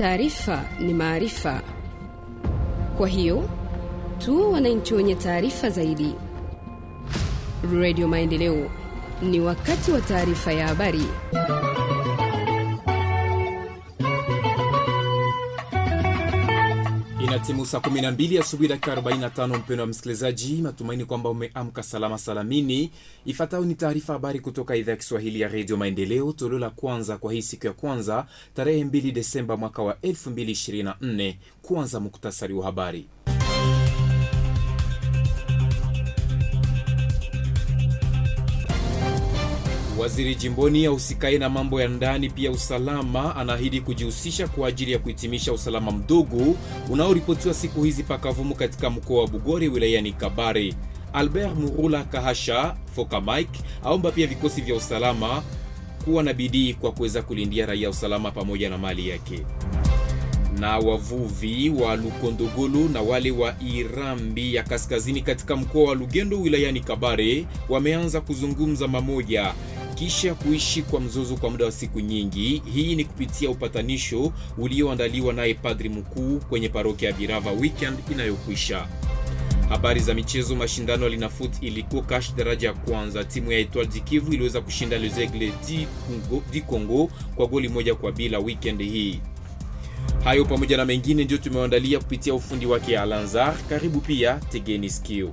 Taarifa ni maarifa, kwa hiyo tu wananchi wenye taarifa zaidi. Redio Maendeleo, ni wakati wa taarifa ya habari. Timu saa 12 asubuhi dakika 45. Mpendo wa msikilizaji, matumaini kwamba umeamka salama salamini. Ifuatayo ni taarifa habari kutoka idhaa ya Kiswahili ya redio Maendeleo, toleo la kwanza kwa hii siku ya kwanza tarehe 2 Desemba mwaka wa 2024. Kwanza muktasari wa habari. Waziri jimboni usikai na mambo ya ndani pia usalama anaahidi kujihusisha kwa ajili ya kuhitimisha usalama mdogo unaoripotiwa siku hizi pakavumu katika mkoa wa Bugore wilayani Kabare. Albert Murula Kahasha Foka Mike aomba pia vikosi vya usalama kuwa na bidii kwa kuweza kulindia raia usalama pamoja na mali yake. Na wavuvi wa Lukondogolo na wale wa Irambi ya kaskazini katika mkoa wa Lugendo wilayani Kabare wameanza kuzungumza mamoja kisha kuishi kwa mzozo kwa muda wa siku nyingi. Hii ni kupitia upatanisho ulioandaliwa naye padri mkuu kwenye parokia ya Birava weekend inayokwisha. Habari za michezo. Mashindano ya Linafoot ilikuwa cash daraja ya kwanza, timu ya Etoile du Kivu iliweza kushinda Les Aigles du Congo kwa goli moja kwa bila weekend hii. Hayo pamoja na mengine ndio tumeandalia kupitia ufundi wake Alanzar. Karibu pia, tegeni sikio.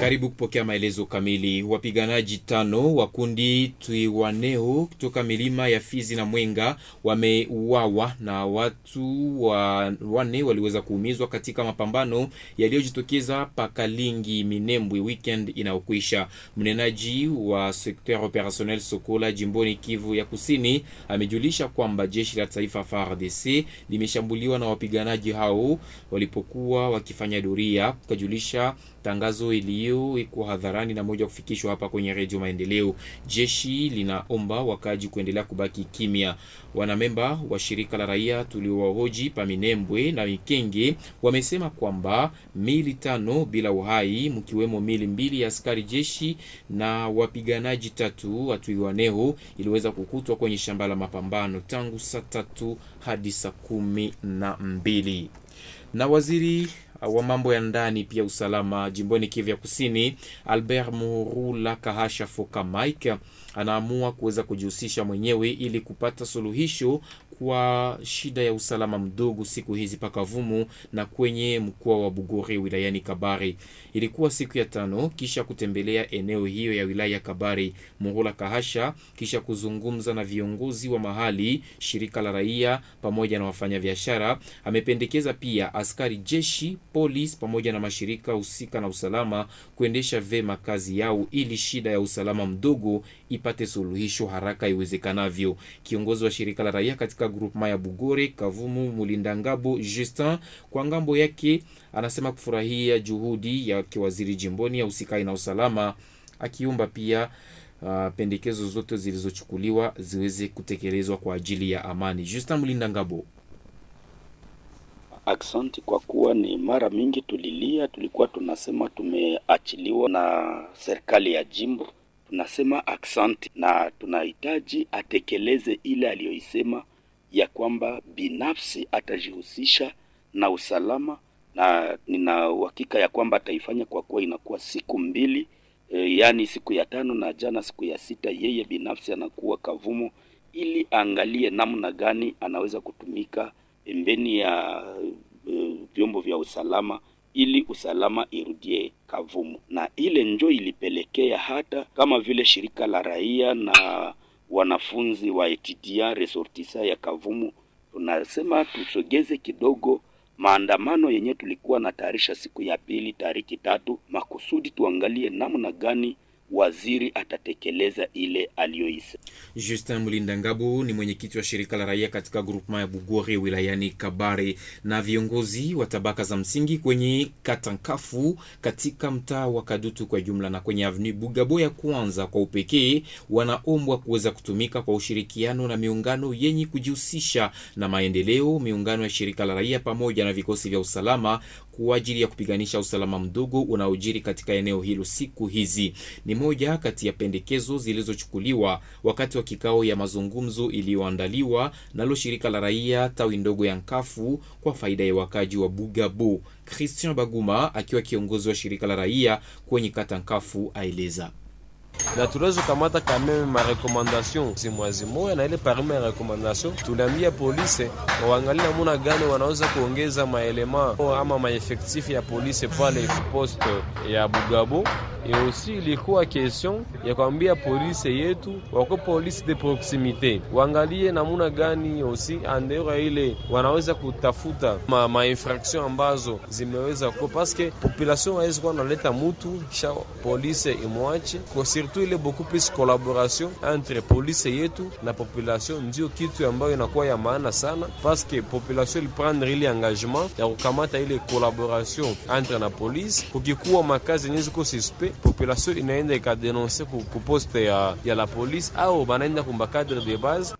Karibu kupokea maelezo kamili. Wapiganaji tano wa kundi Twiwaneo kutoka milima ya Fizi na Mwenga wameuawa na watu wa wane waliweza kuumizwa katika mapambano yaliyojitokeza Pakalingi Minembwe weekend inayokwisha. Mnenaji wa Secteur Operationnel Sokola jimboni Kivu ya Kusini amejulisha kwamba jeshi la taifa FARDC limeshambuliwa na wapiganaji hao walipokuwa wakifanya doria, kukajulisha tangazo iliyo leo iko hadharani na moja kufikishwa hapa kwenye Redio Maendeleo. Jeshi linaomba wakaji kuendelea kubaki kimya. Wanamemba wa shirika la raia tuliowahoji Paminembwe na Mikenge wamesema kwamba mili tano bila uhai, mkiwemo mili mbili ya askari jeshi na wapiganaji tatu watuiwaneho iliweza kukutwa kwenye shamba la mapambano tangu saa tatu hadi saa kumi na mbili. Na waziri uh, wa mambo ya ndani pia usalama jimboni kivya Kusini, Albert Murula Kahasha Foka Mike anaamua kuweza kujihusisha mwenyewe ili kupata suluhisho kwa shida ya usalama mdogo siku hizi pakavumu na kwenye mkoa wa Bugore wilayani kabari Ilikuwa siku ya tano kisha kutembelea eneo hiyo ya wilaya ya Murula Kahasha, kisha kuzungumza na viongozi wa mahali, shirika la raia pamoja na wafanyabiashara. Amependekeza pia askari jeshi, polisi pamoja na mashirika husika na usalama kuendesha vema kazi yao ili shida ya usalama mdogo ipate suluhisho haraka iwezekanavyo. Kiongozi wa shirika la raia katika groupement ya Bugore, Kavumu, Ngabo, Justin kwa ngambo yake anasema kufurahia juhudi ya kiwaziri jimboni ya usikai na usalama, akiumba pia Uh, pendekezo zote zilizochukuliwa ziweze kutekelezwa kwa ajili ya amani. Justin Mlindangabo, aksanti kwa kuwa ni mara mingi tulilia, tulikuwa tunasema tumeachiliwa na serikali ya jimbo, tunasema aksanti na tunahitaji atekeleze ile aliyoisema ya kwamba binafsi atajihusisha na usalama, na nina uhakika ya kwamba ataifanya kwa kuwa inakuwa siku mbili e, yaani siku ya tano na jana siku ya sita, yeye binafsi anakuwa Kavumu ili aangalie namna gani anaweza kutumika pembeni ya e, vyombo vya usalama ili usalama irudie Kavumu, na ile njo ilipelekea hata kama vile shirika la raia na wanafunzi wa ETDR resortisa ya Kavumu, tunasema tusogeze kidogo maandamano yenye tulikuwa na tayarisha siku ya pili tariki tatu, makusudi tuangalie namna gani waziri atatekeleza ile aliyoisa. Justin Mlinda Ngabu ni mwenyekiti wa shirika la raia katika grupma ya Bugore wilayani Kabare na viongozi wa tabaka za msingi kwenye katankafu katika mtaa wa Kadutu kwa jumla na kwenye Avenue Bugabo ya kwanza kwa upekee, wanaombwa kuweza kutumika kwa ushirikiano na miungano yenye kujihusisha na maendeleo, miungano ya shirika la raia pamoja na vikosi vya usalama kwa ajili ya kupiganisha usalama mdogo unaojiri katika eneo hilo siku hizi. Ni moja kati ya pendekezo zilizochukuliwa wakati wa kikao ya mazungumzo iliyoandaliwa nalo shirika la raia tawi ndogo ya Nkafu kwa faida ya wakaji wa Bugabo. Christian Baguma akiwa kiongozi wa shirika la raia kwenye kata Nkafu aeleza na tunaweza kamata kameme marekomandasyon moya na ile parima ya rekomandasyon tunaambia polise waangalie namuna gani wanaweza kuongeza maelema ama maefektifu ya polise pale poste ya Bugabo. E osi ilikuwa kestion ya kuambia polise yetu wako polise de proximite waangalie namuna gani osi andero ile wanaweza kutafuta ma, ma infraction ambazo zimeweza ko paske population haizi kuwa naleta mutu kisha polise imwache kosir surtout a beaucoup plus collaboration entre police yetu la population, ndio kitu ambayo inakuwa ya maana sana, que population iliprendre ile engagement ya kukamata ile collaboration entre la police. na polisi. Kukikuwa makazi yenye ziko suspect, population inaenda ikadenonse ku poste ya, ya la police au banaenda cadre de base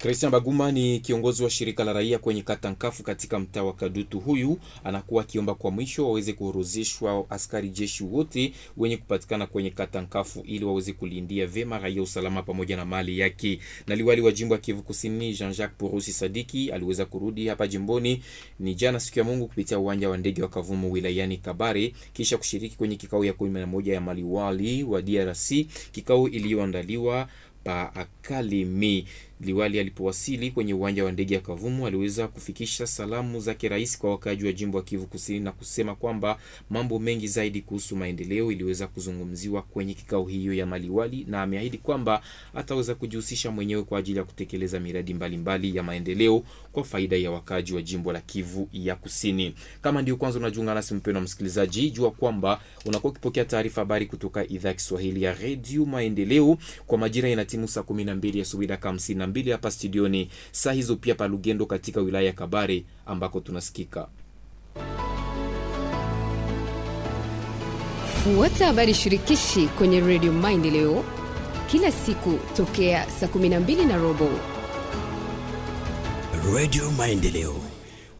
Christian Baguma ni kiongozi wa shirika la raia kwenye kata Nkafu katika mtaa wa Kadutu. Huyu anakuwa akiomba kwa mwisho waweze kuorozeshwa askari jeshi wote wenye kupatikana kwenye kata Nkafu ili waweze kulindia vema raia usalama pamoja na mali yake. Na liwali wa jimbo ya Kivu Kusini Jean-Jacques Porusi Sadiki aliweza kurudi hapa jimboni ni jana siku ya Mungu kupitia uwanja wa ndege wa Kavumu wilayani Kabare kisha kushiriki kwenye kikao ya 11 ya maliwali wa DRC, kikao iliyoandaliwa pa Akalimi. Liwali alipowasili kwenye uwanja wa ndege ya Kavumu aliweza kufikisha salamu zake rais kwa wakaaji wa jimbo ya Kivu Kusini na kusema kwamba mambo mengi zaidi kuhusu maendeleo iliweza kuzungumziwa kwenye kikao hiyo ya maliwali, na ameahidi kwamba ataweza kujihusisha mwenyewe kwa ajili ya kutekeleza miradi mbalimbali mbali ya maendeleo kwa faida ya wakaaji wa jimbo la Kivu ya Kusini. Kama ndio kwanza unajiunga nasi mpendwa msikilizaji, jua kwamba unakuwa ukipokea taarifa habari kutoka idhaa ya Kiswahili ya Radio Maendeleo. Kwa majira inatimu saa 12 asubuhi dakika mbili hapa studioni saa hizo pia pa Lugendo katika wilaya ya Kabare ambako tunasikika. Fuata habari shirikishi kwenye Radio Maendeleo kila siku tokea saa 12 na robo. Radio Maendeleo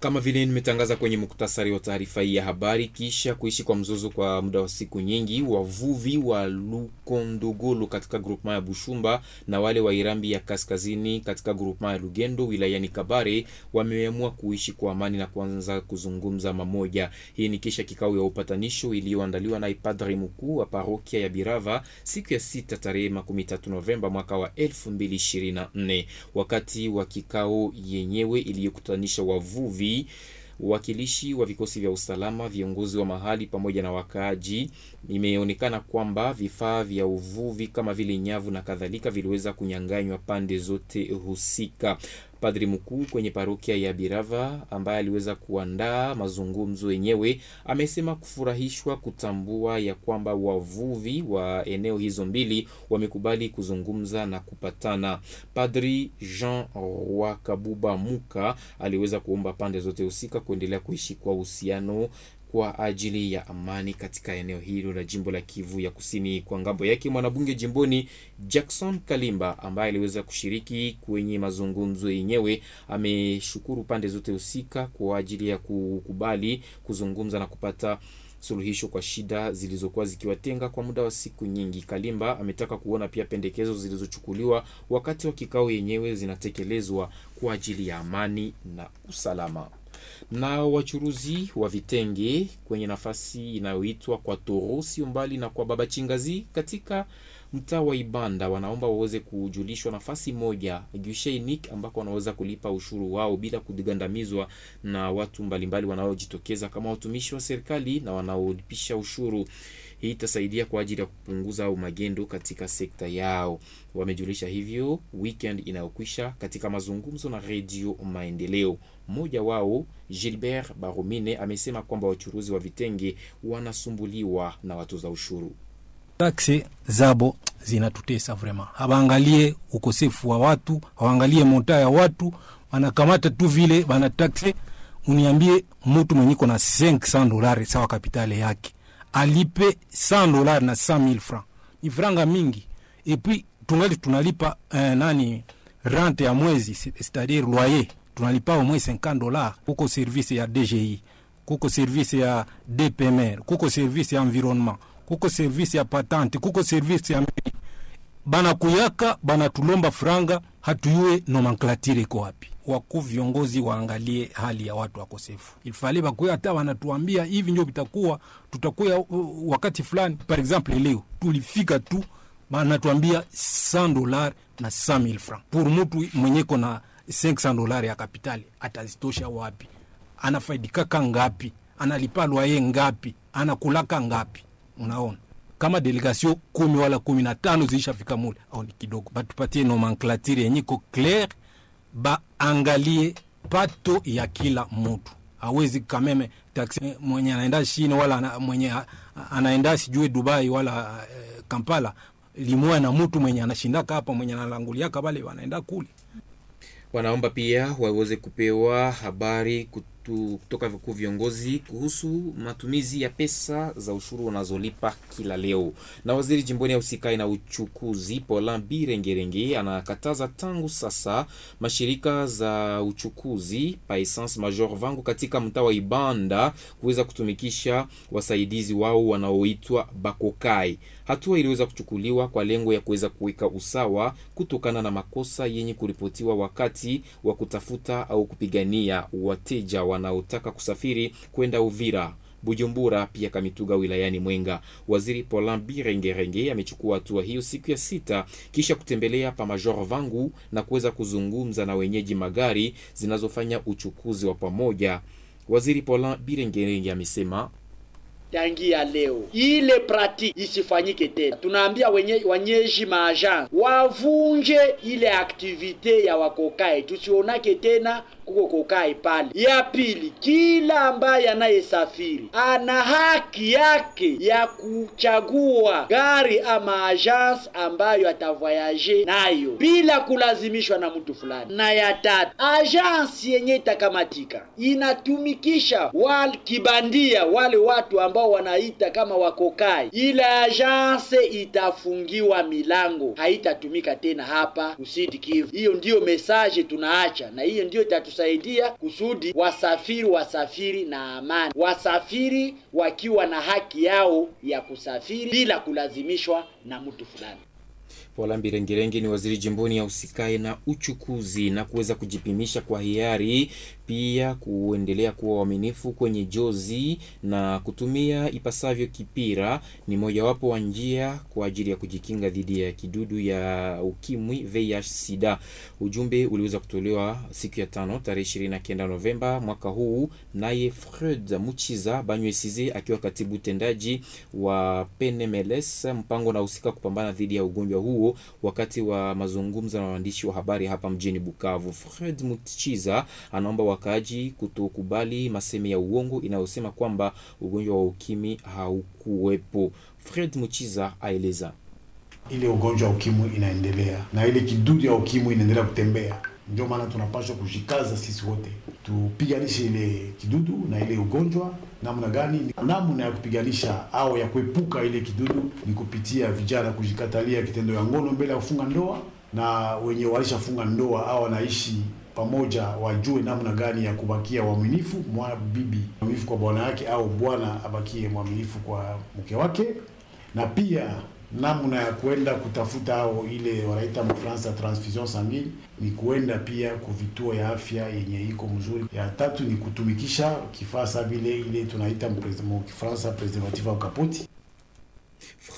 kama vile nimetangaza kwenye muktasari wa taarifa hii ya habari, kisha kuishi kwa mzozo kwa muda wa siku nyingi, wavuvi wa Lukondogolo katika groupement ya Bushumba na wale wa Irambi ya kaskazini katika groupement ya Lugendo wilayani Kabare wameamua kuishi kwa amani na kuanza kuzungumza mamoja. Hii ni kisha kikao ya upatanisho iliyoandaliwa na ipadri mkuu wa parokia ya Birava siku ya sita tarehe 13 Novemba mwaka wa 2024. Wakati wa kikao yenyewe iliyokutanisha wavuvi hii wakilishi wa vikosi vya usalama, viongozi wa mahali pamoja na wakaaji. Imeonekana kwamba vifaa vya uvuvi kama vile nyavu na kadhalika viliweza kunyang'anywa pande zote husika padri mkuu kwenye parokia ya Birava ambaye aliweza kuandaa mazungumzo yenyewe amesema kufurahishwa kutambua ya kwamba wavuvi wa eneo hizo mbili wamekubali kuzungumza na kupatana. Padri Jean Roi Kabuba Muka aliweza kuomba pande zote husika kuendelea kuishi kwa uhusiano kwa ajili ya amani katika eneo hilo la jimbo la Kivu ya Kusini. Kwa ngambo yake, mwanabunge jimboni Jackson Kalimba ambaye aliweza kushiriki kwenye mazungumzo yenyewe ameshukuru pande zote husika kwa ajili ya kukubali kuzungumza na kupata suluhisho kwa shida zilizokuwa zikiwatenga kwa muda wa siku nyingi. Kalimba ametaka kuona pia pendekezo zilizochukuliwa wakati wa kikao yenyewe zinatekelezwa kwa ajili ya amani na usalama na wachuruzi wa vitenge kwenye nafasi inayoitwa kwa Torosi umbali na kwa Baba Chingazi katika mtaa wa Ibanda wanaomba waweze kujulishwa nafasi moja Gushainik ambako wanaweza kulipa ushuru wao bila kugandamizwa na watu mbalimbali wanaojitokeza kama watumishi wa serikali na wanaolipisha ushuru. Hii itasaidia kwa ajili ya kupunguza au magendo katika sekta yao. Wamejulisha hivyo weekend inayokwisha katika mazungumzo na Redio Maendeleo. Mmoja wao Gilbert Baromine amesema kwamba wachuruzi wa vitenge wanasumbuliwa na watoza ushuru. Taksi zabo zinatutesa vrema, hawaangalie ukosefu wa watu, hawaangalie monta ya watu, wanakamata tu vile wana taksi. Uniambie mutu mwenyiko na 500 dolari sawa kapitale yake alipe 100 dola na 100000 francs ni franga mingi epuis tungali tunalipa eh, nani rente ya mwezi c'est-à-dire loyer tunalipa au moins 50 dollars kuko service ya DGI kuko service ya DPMR kuko service ya environnement kuko service ya patente kuko service ya mini bana kuyaka franga hatuyue nomenclature iko wapi wakuu viongozi waangalie hali ya watu wakosefu, ilifale bakuwe hata wanatuambia hivi ndio vitakuwa, tutakuwa uh, wakati fulani. Par exemple leo tulifika tu anatuambia 100 dolar na 100000 franc pour mutu mwenyeko na 500 dolar ya kapitali, atazitosha wapi? Anafaidikaka ngapi? Analipa lwaye ngapi? Anakulaka ngapi? Unaona, kama delegasio kumi wala kumi na tano ziishafika mule au ni kidogo, batupatie nomenclature yenye ko ba angalie pato ya kila mtu. Hawezi kameme taksi mwenye anaenda shini wala mwenye anaenda sijui Dubai wala eh, Kampala limua na mtu mwenye anashindaka hapa mwenye analanguliaka pale wanaenda kule. Wanaomba pia waweze kupewa habari kutu tu, kutoka kwa viongozi kuhusu matumizi ya pesa za ushuru wanazolipa kila leo. Na waziri jimboni ausikai na uchukuzi Paulin Birengerenge anakataza tangu sasa mashirika za uchukuzi pa major vangu katika mtaa wa Ibanda kuweza kutumikisha wasaidizi wao wanaoitwa bakokai. Hatua iliweza kuchukuliwa kwa lengo ya kuweza kuweka usawa kutokana na makosa yenye kuripotiwa wakati wa kutafuta au kupigania wateja wa wanaotaka kusafiri kwenda Uvira, Bujumbura pia Kamituga wilayani Mwenga. Waziri Paulin Birengerenge amechukua hatua hiyo siku ya sita kisha kutembelea pa Major Vangu na kuweza kuzungumza na wenyeji magari zinazofanya uchukuzi wa pamoja. Waziri Paulin Birengerenge amesema tangia leo ile pratiki isifanyike tena. Tunaambia wenye wanyeji maajan wavunje ile aktivite ya wakokae, tusionake tena kuko kokae pale. Ya pili, kila ambaye anayesafiri ana haki yake ya kuchagua gari ama agence ambayo atavoyage nayo bila kulazimishwa na mtu fulani. Na ya tatu, agence yenye itakamatika inatumikisha wal kibandia wale watu ambao wanaita kama wakokai, ile agence itafungiwa milango, haitatumika tena hapa Kusidi Kivu. Hiyo ndiyo message tunaacha na hiyo ndiyo tatu itatusaidia kusudi wasafiri wasafiri na amani, wasafiri wakiwa na haki yao ya kusafiri bila kulazimishwa na mtu fulani. Polambi Rengerenge ni waziri jimboni ya usikae na uchukuzi na kuweza kujipimisha kwa hiari, pia kuendelea kuwa waaminifu kwenye jozi na kutumia ipasavyo kipira ni mojawapo wa njia kwa ajili ya kujikinga dhidi ya kidudu ya ukimwi VIH SIDA. Ujumbe uliweza kutolewa siku ya tano tarehe 29 Novemba mwaka huu, naye Fred Muchiza Banywesize akiwa katibu utendaji wa PNMLS mpango na husika kupambana dhidi ya ugonjwa huu huo wakati wa mazungumzo na waandishi wa habari hapa mjini Bukavu. Fred Mutchiza anaomba wakaaji kutokubali maseme ya uongo inayosema kwamba ugonjwa wa ukimwi haukuwepo. Fred Mutchiza aeleza ile ugonjwa wa ukimwi inaendelea na ile kidudu ya ukimwi inaendelea kutembea ndio maana tunapaswa kujikaza sisi wote tupiganishe ile kidudu na ile ugonjwa. Namna gani? Namna ya kupiganisha au ya kuepuka ile kidudu ni kupitia vijana kujikatalia kitendo ya ngono mbele ya kufunga ndoa, na wenye walishafunga ndoa au wanaishi pamoja wajue namna gani ya kubakia waaminifu, mwa bibi mwaminifu kwa bwana yake, au bwana abakie mwaminifu kwa mke wake, na pia namna ya kwenda kutafuta ao ile wanaita mfransa transfusion sanguine ni kuenda pia kuvituo ya afya yenye iko mzuri. Ya tatu ni kutumikisha kifaa sa vile ile tunaita mkifransa preservative au kapoti.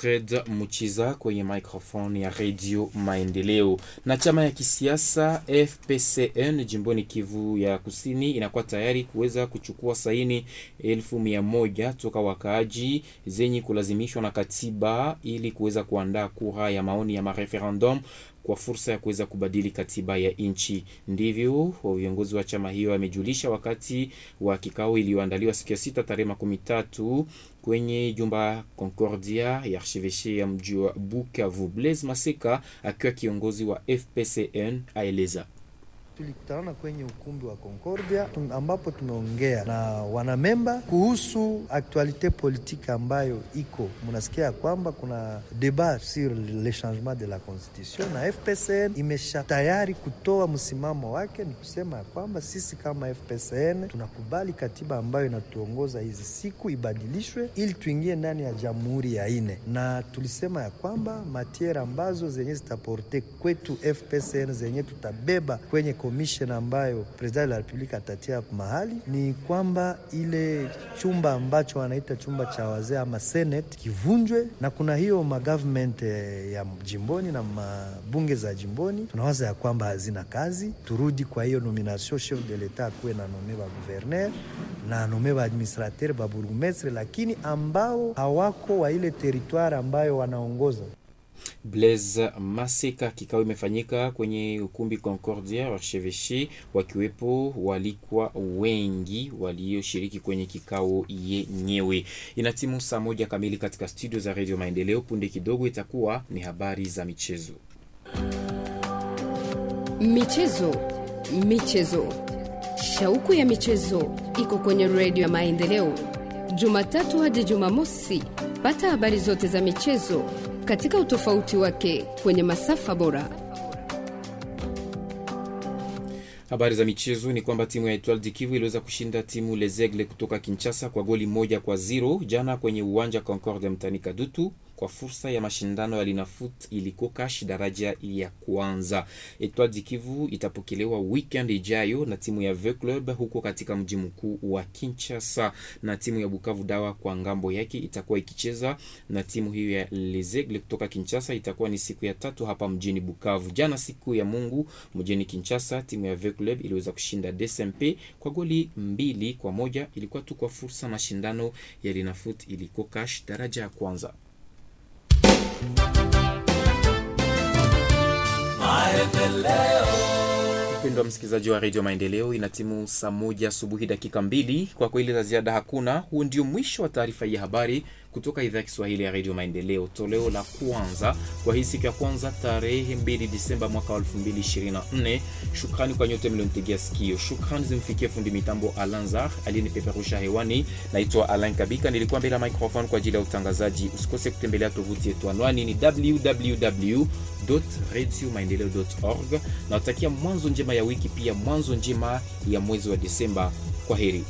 Alfred Muchiza kwenye microphone ya Radio Maendeleo. Na chama ya kisiasa FPCN jimboni Kivu ya Kusini inakuwa tayari kuweza kuchukua saini 1 toka wakaaji zenye kulazimishwa na katiba ili kuweza kuandaa kura ya maoni ya mareferendum kwa fursa ya kuweza kubadili katiba ya nchi. Ndivyo viongozi wa chama hiyo wamejulisha wakati wa kikao iliyoandaliwa siku ya sita tarehe makumi tatu kwenye jumba Concordia ya Archiveshe ya mji wa Bukavu. Blaise Maseka akiwa kiongozi wa FPCN aeleza Tulikutana kwenye ukumbi wa Concordia ambapo tumeongea na wanamemba kuhusu actualite politique ambayo iko. Mnasikia kwamba kuna debat sur le changement de la constitution na FPCN imesha tayari kutoa msimamo wake, ni kusema ya kwamba sisi kama FPCN tunakubali katiba ambayo inatuongoza hizi siku ibadilishwe ili tuingie ndani ya jamhuri ya ine, na tulisema ya kwamba matiere ambazo zenye zitaporte kwetu FPCN zenye tutabeba kwenye commission ambayo president la republika atatia mahali ni kwamba ile chumba ambacho wanaita chumba cha wazee ama senate kivunjwe, na kuna hiyo magovernment eh, ya jimboni na mabunge za jimboni tunawaza ya kwamba hazina kazi, turudi kwa hiyo nomination chef de l'etat akuwe na nome ba guverner na nome ba administrateur ba lakini ambao hawako wa ile territoire ambayo wanaongoza. Blaise Maseka. Kikao imefanyika kwenye ukumbi Concordia Archeveshi, wakiwepo walikuwa wengi walioshiriki kwenye kikao yenyewe. Ina timu saa moja kamili katika studio za Radio Maendeleo. Punde kidogo itakuwa ni habari za michezo. Michezo, michezo, shauku ya michezo iko kwenye redio ya Maendeleo, Jumatatu hadi Jumamosi. Pata habari zote za michezo katika utofauti wake kwenye masafa bora. Habari za michezo ni kwamba timu ya Etoile de Kivu iliweza kushinda timu lezegle kutoka Kinshasa kwa goli moja kwa zero jana kwenye uwanja Concorde mtani Kadutu kwa fursa ya mashindano ya Linafoot iliko kash daraja ya kwanza. Etoile du Kivu itapokelewa weekend ijayo na timu ya V Club huko katika mji mkuu wa Kinshasa, na timu ya Bukavu Dawa kwa ngambo yake itakuwa ikicheza na timu hiyo ya Lezegle kutoka Kinshasa. Itakuwa ni siku ya tatu hapa mjini Bukavu. Jana siku ya Mungu mjini Kinshasa, timu ya V Club iliweza kushinda DSMP kwa goli mbili kwa moja. Ilikuwa tu kwa fursa mashindano ya Linafoot iliko kash daraja ya kwanza. Mpendwa msikilizaji wa redio Maendeleo, ina timu saa moja asubuhi dakika mbili. Kwa kweli za ziada hakuna. Huu ndio mwisho wa taarifa ya habari kutoka idhaa ya Kiswahili ya Redio Maendeleo, toleo la kwanza kwa hii siku ya kwanza tarehe 2 Disemba mwaka wa 2024. Shukrani kwa nyote mlionitegea sikio. Shukrani zimfikie fundi mitambo Alanzar aliyenipeperusha hewani. Naitwa Alan Kabika, nilikuwa mbele ya microphone kwa ajili ya utangazaji. Usikose kutembelea tovuti yetu, anwani ni www radiomaendeleo.org. Nawatakia mwanzo njema ya wiki, pia mwanzo njema ya mwezi wa Disemba. Kwa heri.